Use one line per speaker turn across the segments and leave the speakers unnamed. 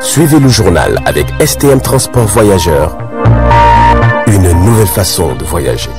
Suivez le journal avec STM Transport Voyageurs. Une
nouvelle façon de voyager.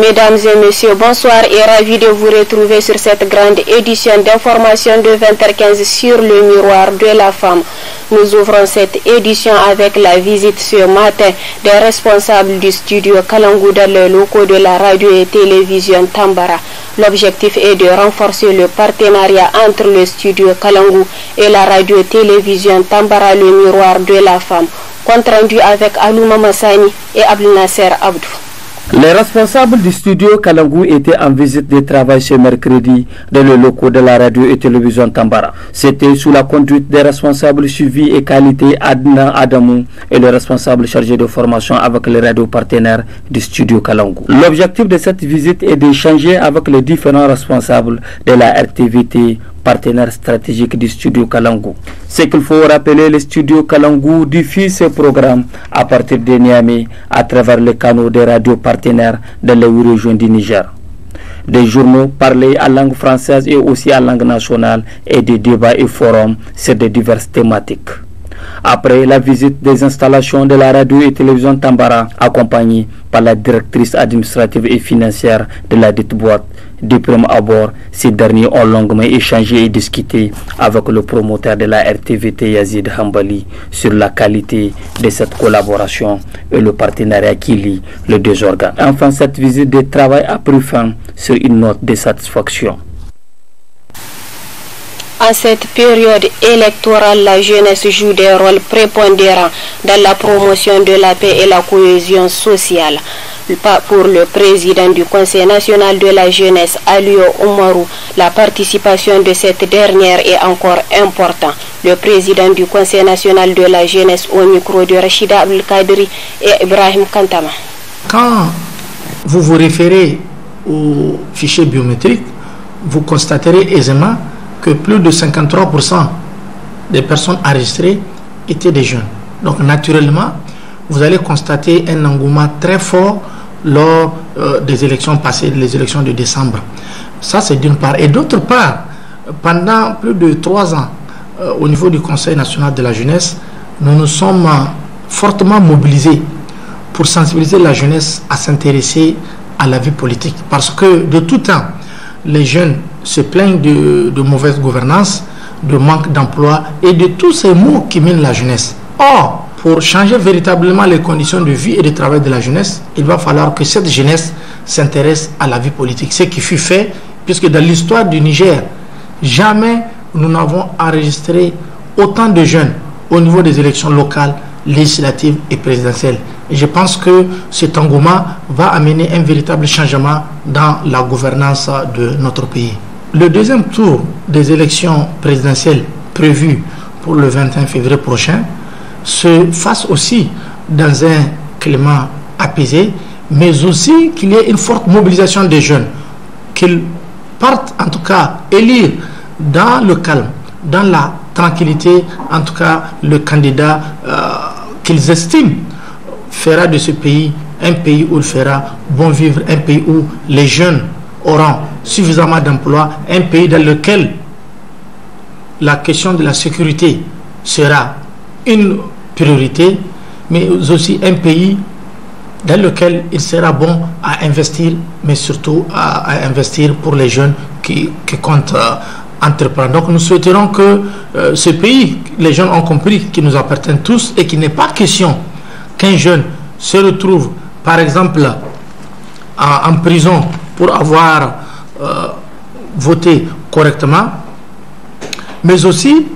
mesdames et messieurs, bonsoir et ravi de vous retrouver sur cette grande édition d'information de 20h15 sur le miroir de la femme. Nous ouvrons cette édition avec la visite ce matin des responsables du studio Kalangou dans les locaux de la radio et télévision Tambara. L'objectif est de renforcer le partenariat entre le studio Kalangou et la radio et télévision Tambara, le miroir de la femme. Compte rendu avec Anouma Mamassani et Abdel Nasser Abdou.
Les responsables du
studio Kalangou étaient en visite de travail ce mercredi dans le locaux de la radio et télévision Tambara. C'était sous la conduite des responsables suivi et qualité Adnan Adamou et le responsable chargé de formation avec les radios partenaires du studio Kalangou.
L'objectif de cette
visite est d'échanger avec les différents responsables de la RTVT partenaire stratégique du studio Kalangu. Ce qu'il faut rappeler, le studio Kalangu diffuse ce programme à partir de Niamey à travers les canaux des radios partenaires dans les région régions du Niger. Des journaux parlés en langue française et aussi en langue nationale et des débats et forums sur des diverses thématiques. Après la visite des installations de la radio et télévision Tambara, accompagnée par la directrice administrative et financière de la dite boîte, du premier abord, ces derniers ont longuement échangé et discuté avec le promoteur de la RTVT Yazid Hambali sur la qualité de cette collaboration et le partenariat qui lie les deux organes. Enfin, cette visite de travail a pris fin sur une note de satisfaction.
En cette période électorale, la jeunesse joue des rôles prépondérants dans la promotion de la paix et la cohésion sociale pas pour le président du Conseil national de la jeunesse, Alio Oumarou. La participation de cette dernière est encore importante. Le président du Conseil national de la jeunesse au micro de Rachida Abdelkadri et Ibrahim Kantama.
Quand vous vous référez au fichier biométrique, vous constaterez aisément que plus de 53% des personnes enregistrées étaient des jeunes. Donc naturellement, vous allez constater un engouement très fort lors euh, des élections passées, les élections de décembre. Ça, c'est d'une part. Et d'autre part, pendant plus de trois ans, euh, au niveau du Conseil national de la jeunesse, nous nous sommes euh, fortement mobilisés pour sensibiliser la jeunesse à s'intéresser à la vie politique. Parce que de tout temps, les jeunes se plaignent de, mauvaise gouvernance, de manque d'emploi et de tous ces maux qui minent la jeunesse. Or, pour changer véritablement les conditions de vie et de travail de la jeunesse, il va falloir que cette jeunesse s'intéresse à la vie politique. Ce qui fut fait, puisque dans l'histoire du Niger, jamais nous n'avons enregistré autant de jeunes au niveau des élections locales, législatives et présidentielles. je pense que cet engouement va amener un véritable changement dans la gouvernance de notre pays. Le deuxième tour des élections présidentielles prévues pour le 21 février prochain se fasse aussi dans un climat apaisé, mais aussi qu'il y ait une forte mobilisation des jeunes, qu'ils partent en tout cas élire dans le calme, dans la tranquillité, en tout cas le candidat euh, qu'ils estiment fera de ce pays un pays où il fera bon vivre, un pays où les jeunes auront suffisamment d'emplois, un pays dans lequel la question de la sécurité sera une priorité, mais aussi un pays dans lequel il sera bon à investir, mais surtout à, investir pour les jeunes qui, qui comptent euh, entreprendre. Donc nous souhaiterons que euh, ce pays, les jeunes ont compris, qui nous appartiennent tous et qu'il n'est pas question qu'un jeune se retrouve, par exemple, en, prison pour avoir euh, voté correctement, mais aussi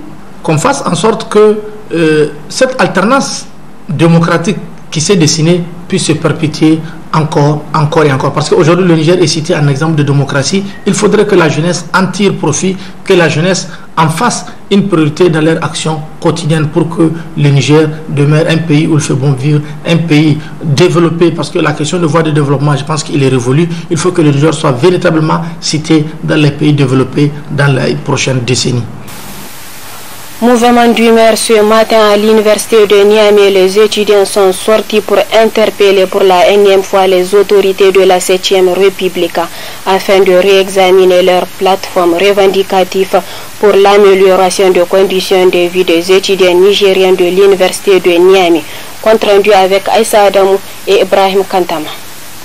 qu'on fasse en sorte que euh, cette alternance démocratique qui s'est dessinée puisse se perpétuer encore, encore et encore. Parce qu'aujourd'hui, le Niger est cité en exemple de démocratie. Il faudrait que la jeunesse en tire profit, que la jeunesse en fasse une priorité dans leur action quotidienne pour que le Niger demeure un pays où il fait bon vivre, un pays développé. Parce que la question de voie de développement, je pense qu'il est révolu. Il faut que le Niger soit véritablement cité dans les pays développés dans les prochaines décennies.
Mouvement d'humeur ce matin à l'université de Niamey, les étudiants sont sortis pour interpeller pour la énième fois les autorités de la 7e République afin de réexaminer leur plateforme revendicative pour l'amélioration des conditions de vie des étudiants nigériens de l'université de Niamey. Compte rendu avec Aïssa Adamou et Ibrahim Kantama.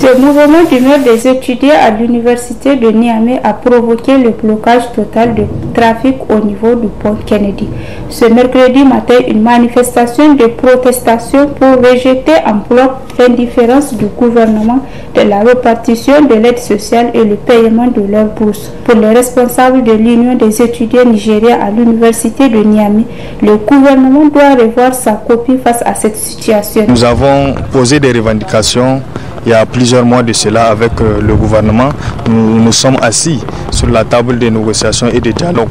Le mouvement d'humeur des étudiants à l'université de Niamey a provoqué le blocage total de trafic au niveau du pont Kennedy. Ce mercredi matin, une manifestation de protestation pour rejeter en bloc l'indifférence du gouvernement de la répartition de l'aide sociale et le paiement de leurs bourses. Pour les responsables de l'Union des étudiants nigériens à l'université de Niamey, le gouvernement doit revoir sa copie face à cette situation. Nous
avons posé des revendications il y a plusieurs mois de cela avec euh, le gouvernement, nous nous sommes assis sur la table des négociations et des dialogues.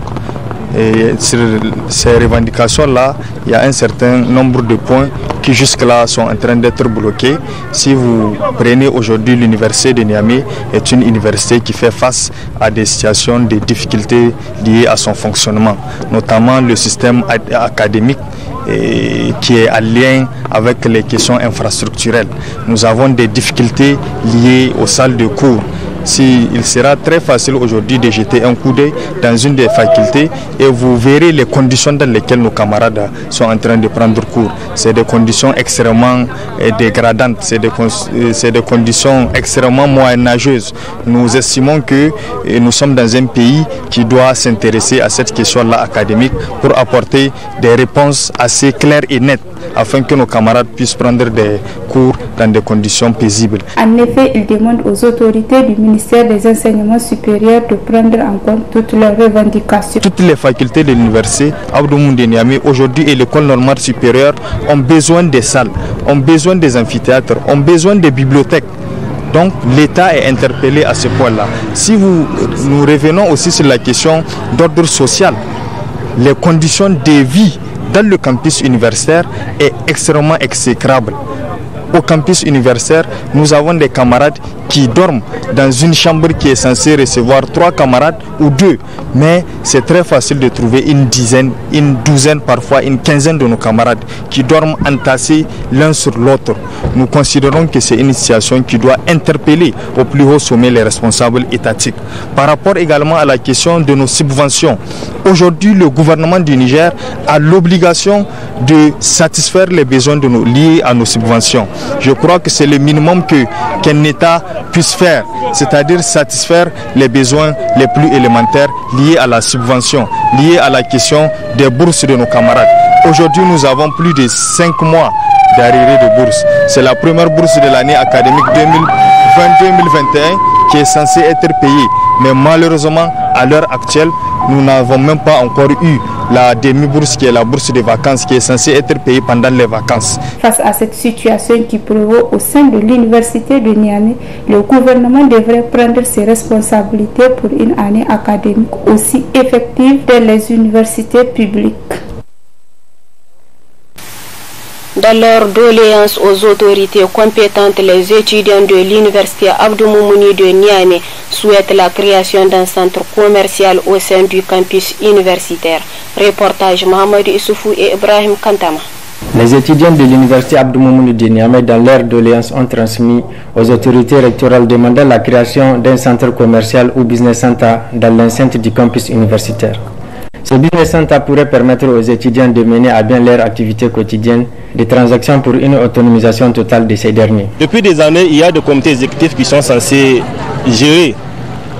Et sur ces revendications-là, il y a un certain nombre de points qui jusque-là sont en train d'être bloqués. Si vous prenez aujourd'hui l'université de Niamey, est une université qui fait face à des situations, des difficultés liées à son fonctionnement, notamment le système académique qui est en lien avec les questions infrastructurelles. Nous avons des difficultés liées aux salles de cours il sera très facile aujourd'hui de jeter un coup d'œil dans une des facultés et vous verrez les conditions dans lesquelles nos camarades sont en train de prendre cours. C'est des conditions extrêmement euh, dégradantes, c'est des, euh, des, conditions extrêmement moyenâgeuses. Nous estimons que euh, nous sommes dans un pays qui doit s'intéresser à cette question-là académique pour apporter des réponses assez claires et nettes afin que nos camarades puissent prendre des cours dans des conditions paisibles.
En effet, il demande aux autorités du ministère des Enseignements supérieurs de prendre en compte toutes leurs revendications.
Toutes les facultés de l'université Abdou aujourd'hui et l'école normale supérieure ont besoin des salles, ont besoin des amphithéâtres, ont besoin des bibliothèques. Donc l'État est interpellé à ce point-là. Si nous revenons aussi sur la question d'ordre social, les conditions de vie le campus universitaire est extrêmement exécrable. Au campus universitaire, nous avons des camarades qui dorment dans une chambre qui est censée recevoir trois camarades ou deux. Mais c'est très facile de trouver une dizaine, une douzaine, parfois une quinzaine de nos camarades qui dorment entassés l'un sur l'autre. Nous considérons que c'est une situation qui doit interpeller au plus haut sommet les responsables étatiques. Par rapport également à la question de nos subventions, aujourd'hui le gouvernement du Niger a l'obligation de satisfaire les besoins liés à nos subventions. Je crois que c'est le minimum que qu'un État puisse faire, c'est-à-dire satisfaire les besoins les plus élémentaires liés à la subvention, liés à la question des bourses de nos camarades. Aujourd'hui, nous avons plus de cinq mois d'arrivée de bourse. C'est la première bourse de l'année académique 2020-2021 qui est censée être payée. Mais malheureusement, à l'heure actuelle, nous n'avons même pas encore eu la demi-bourse qui est la bourse de vacances qui est censée être payée pendant les vacances. Face à
cette situation qui prévaut au sein de l'université de Niamey, le gouvernement devrait prendre ses responsabilités pour une année académique aussi effective que les universités publiques.
Dans leur doléance aux autorités compétentes, les étudiants de l'université Abdou Moumouni de Niamey souhaitent la création d'un centre commercial au sein du campus universitaire. Reportage Mohamed Issoufou et Ibrahim Kantama.
Les étudiants de l'université Abdou Moumouni de Niamey, dans leur doléance, ont transmis aux autorités rectorales demandant la création d'un centre commercial ou business center dans l'enceinte du campus universitaire. Ce business center pourrait permettre aux étudiants de mener à bien leur activité quotidienne des transactions pour une autonomisation totale de ces derniers.
Depuis des années, il y a des comités exécutifs qui sont censés gérer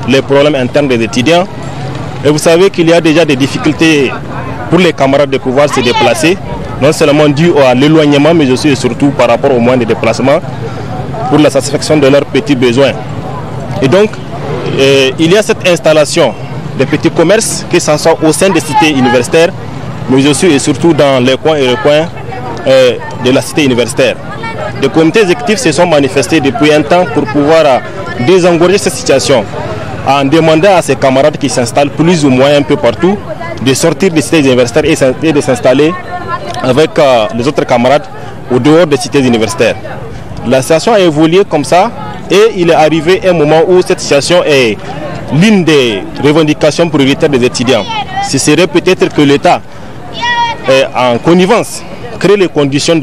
les problèmes internes des étudiants. Et vous savez qu'il y a déjà des difficultés pour les camarades de pouvoir se déplacer, non seulement dû à l'éloignement, mais aussi et surtout par rapport au moins de déplacement pour la satisfaction de leurs petits besoins. Et donc, euh, il y a cette installation des petits commerces, qui s'en sort au sein des cités universitaires, mais aussi et surtout dans les coins et les coins euh, de la cité universitaire. Des comités exécutifs se sont manifestés depuis un temps pour pouvoir euh, désengorger cette situation en demandant à ses camarades qui s'installent plus ou moins un peu partout de sortir des cités universitaires et de s'installer avec euh, les autres camarades au dehors des cités universitaires. La situation a évolué comme ça et il est arrivé un moment où cette situation est l'une des revendications prioritaires des étudiants. Ce serait peut-être que l'État, est en connivence créer les conditions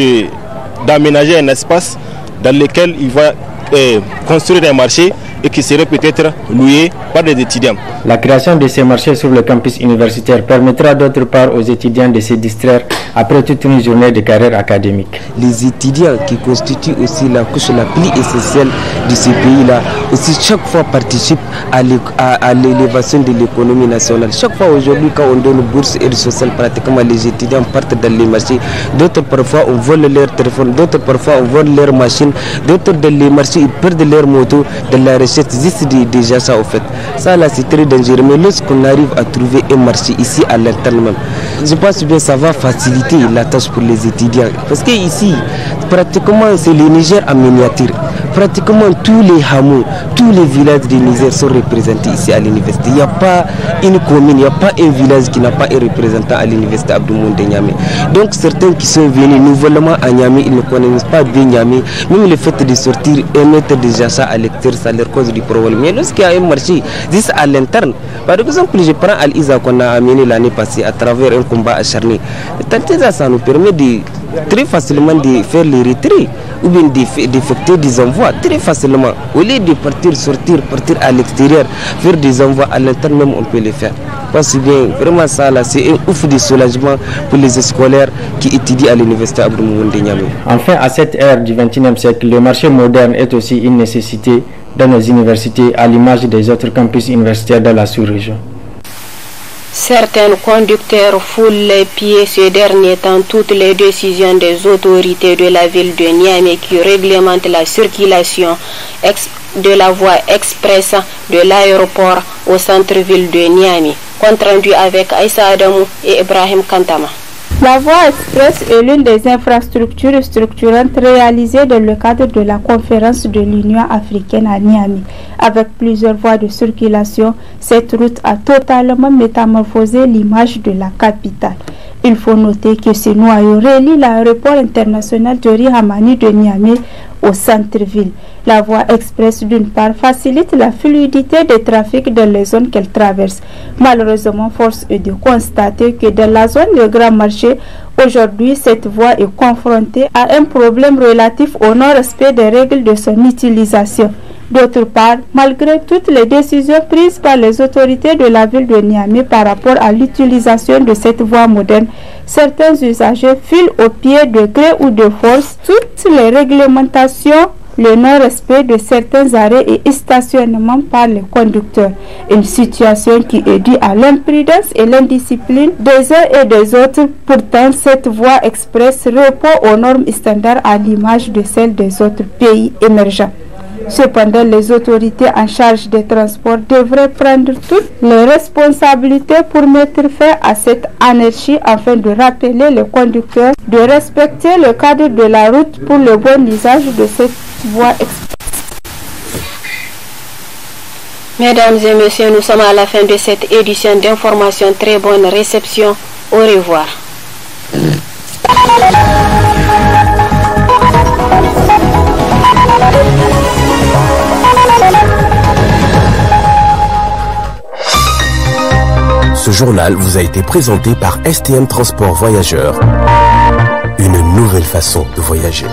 d'aménager un espace dans lequel il va eh, construire un marché et qui seraient peut-être
loués par des étudiants. La création de ces marchés sur le campus universitaire permettra
d'autre part aux étudiants de se distraire après toute une journée de carrière académique. Les étudiants qui constituent aussi la couche la plus essentielle de ces pays-là, aussi chaque fois participent à l'élévation de l'économie nationale. Chaque fois aujourd'hui quand on donne bourse et social, pratiquement les étudiants partent dans les marchés. D'autres parfois on vole leur téléphone, d'autres parfois on vole leur machine, d'autres dans les marchés ils perdent leur moto de la restauration déjà ça au fait. Ça là c'est très dangereux, mais lorsqu'on arrive à trouver un marché ici à l'interne je pense que ça va faciliter la tâche pour les étudiants. Parce que ici, pratiquement c'est le Niger en miniature. Pratiquement tous les hameaux, tous les villages de Niger sont représentés ici à l'université. Il n'y a pas une commune, il n'y a pas un village qui n'a pas un représentant à l'université Abdoumoun de Niamey. Donc certains qui sont venus nouvellement à Niamey, ils ne connaissent pas bien Niamey. Même le fait de sortir et mettre des achats à l'extérieur, ça leur cause du problème. Mais lorsqu'il y a un marché, juste à l'interne, par exemple, je prends Al-Isa qu'on a amené l'année passée à travers un combat acharné. Tant ça, ça nous permet de très facilement de faire les retraits ou bien d'effectuer des envois très facilement. Au lieu de partir, sortir, partir à l'extérieur, faire des envois à l'interne même, on peut les faire. Parce que vraiment ça là, c'est un ouf de soulagement pour les scolaires qui étudient à l'université Abdou de Niamey. Enfin, à
cette ère du XXIe siècle, le marché moderne est aussi une nécessité dans nos universités à l'image des autres campus universitaires dans la sous-région.
Certains conducteurs foulent les pieds ces derniers temps toutes les décisions des autorités de la ville de Niamey qui réglementent la circulation de la voie express de l'aéroport au centre-ville de Niamey. Compte rendu avec Aïssa Adamou et Ibrahim Kantama.
La voie express est l'une des infrastructures structurantes réalisées dans le cadre de la conférence de l'Union africaine à Niamey. Avec plusieurs voies de circulation, cette route a totalement métamorphosé l'image de la capitale. Il faut noter que ce noyau relie l'aéroport international de Rihamani de Niamey au centre-ville. La voie express, d'une part, facilite la fluidité des trafics dans les zones qu'elle traverse. Malheureusement, force est de constater que dans la zone de grand marché, Aujourd'hui, cette voie est confrontée à un problème relatif au non-respect des règles de son utilisation. D'autre part, malgré toutes les décisions prises par les autorités de la ville de Niamey par rapport à l'utilisation de cette voie moderne, certains usagers filent au pied de gré ou de force toutes les réglementations le non-respect de certains arrêts et stationnements par les conducteurs. Une situation qui est due à l'imprudence et l'indiscipline des uns et des autres. Pourtant, cette voie express répond aux normes standards à l'image de celles des autres pays émergents. Cependant, les autorités en charge des transports devraient prendre toutes les responsabilités pour mettre fin à cette anarchie afin de rappeler les conducteurs de respecter le cadre de la route pour le bon usage de cette
Mesdames et messieurs, nous sommes à la fin de cette édition d'information. Très bonne réception. Au revoir.
Ce journal vous a été présenté par STM Transport Voyageurs. Une nouvelle façon de voyager.